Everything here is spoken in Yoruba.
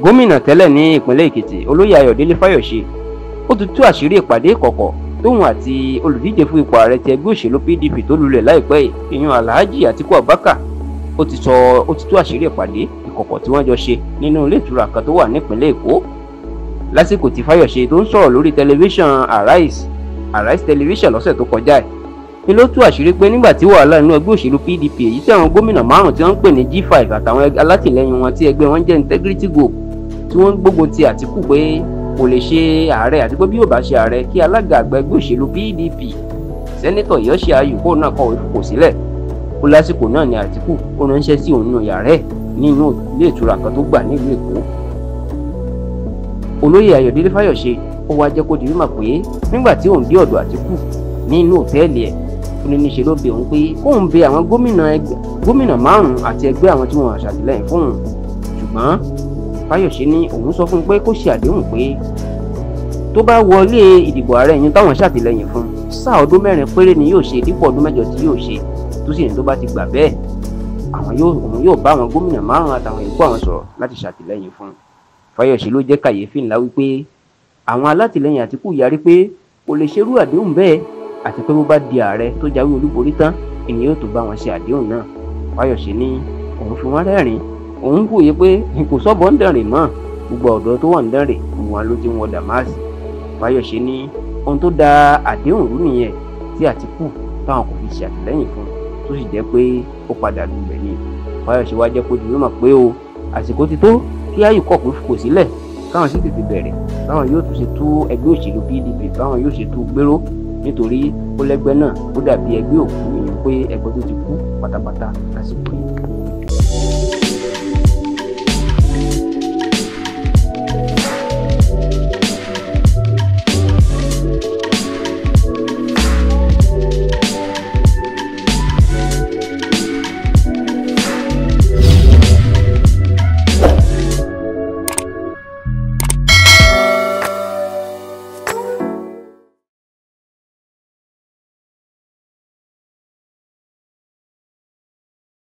gómìnà tẹ́lẹ̀ ní ìpínlẹ̀ èkìtì olóyè ayọ̀délé fáyọ̀ṣe ó ti tú àṣírí ìpàdé ìkọ̀kọ̀ tóun àti olùdíje fún ipò ààrẹ ti ẹgbẹ́ òṣèlú pdp tó lulẹ̀ láìpẹ́ yìí ìyún alhaji àtiku abubakar ó ti sọ ó ti tú àṣírí ìpàdé ìkọ̀kọ̀ tí wọ́n jọ ṣe nínú ilé ìtura kan tó wà nípínlẹ̀ èkó lásìkò tí fáyọ̀ṣe tó ń sọ̀rọ̀ lórí tẹlifíṣàn arise arise television lọ́sẹ̀ tó kọjá ẹ̀ ni ló tú àṣírí pé nígbà tí wàhálà inú ẹgbẹ́ òṣèlú PDP èyí tí àwọn gómìnà márùn tí wọ́n ń pè ní G5 àtàwọn alátìlẹyìn wọn tí ẹgbẹ́ wọn jẹ́ integrity group tí wọ́n ń gbógun ti Àtíkù pé kò lè ṣe ààrẹ àti pé bí yóò bá ṣe ààrẹ kí alága àgbà ẹgbẹ́ òṣèlú PDP sẹ́nẹ́tọ̀ Yọ́ṣì Ayù kóun náà kọ̀wé kò sílẹ̀ ó lásìkò náà ni Àtíkù ó ránṣẹ́ sí òun nù yàrá ẹ̀ nínú ilé ìtura kan tó gbà nílùú Èkó olóyè Ayọ̀délé Fáyọ̀ṣe ó wá jẹ́ kó di mímọ̀ pé nígbà tí òun dé ọ̀dọ̀ Àtíkù nínú òtẹ́ẹ̀lì ẹ̀ oníníṣe ló bẹ òun pé kóun bẹ àwọn gómìnà gómìnà márùn-ún àti ẹgbẹ́ àwọn tí wọ́n ṣàtìlẹ́yìn fóun ṣùgbọ́n Fáyọ̀ṣe ní òun sọ fún un pé kó ṣe àdéhùn pé tó bá wọlé ìdìbò ààrẹ yẹn táwọn ṣàtìlẹ́yìn fún sáà ọdún mẹ́rin péré ni yóò ṣe dípò ọdún mẹ́jọ tí yóò ṣe tó sì ní tó bá ti gbà bẹ́ẹ̀ àwọn yóò òun yóò bá àwọn gómìnà márùn àtàwọn ìgbọ́ àwọn sọ̀rọ̀ láti ṣàtìlẹ́yìn fún un Fáyọ̀ṣe ló jẹ́ kàyéfì ńlá wípé àwọn alátìlẹ́yìn Àtíkù yarí pé kò lè ṣerú àdéhùn bẹ́ẹ̀ àti pé bó bá di ààrẹ tó jáwé olúborí tán ènìyàn yóò tó bá wọn ṣe àdéhùn náà Fáyọ̀ṣe ni. òun fi wọ́n rẹ́rìn òun wòye pé kò sọ́bọ̀ ń dẹ̀rìn mọ́ gbogbo ọ̀dọ́ tó wà ń dẹ̀rìn òun ló ti ń wọ dàmásì Fáyọ̀ṣe ní ohun tó da àdéhùn rú nìyẹn tí Àtìkù táwọn kò fi ṣe fún tó sì jẹ́ pé ó padà lulẹ̀ ni Fáyọ̀ṣe wá jẹ́ kó di mímọ̀ pé o àsìkò ti tó kí ayù kọ̀ pé kò sílẹ̀ káwọn sì tètè bẹ̀rẹ̀ báwọn yóò tún ṣe tú ẹgbẹ́ òṣèlú PDP báwọn yóò ṣe tú gbéró nítorí ó lẹ́gbẹ́ náà ó dàbí ẹgbẹ́ òkú èèyàn pé ẹgbẹ́ tó ti kú pátápátá lásìkò yìí.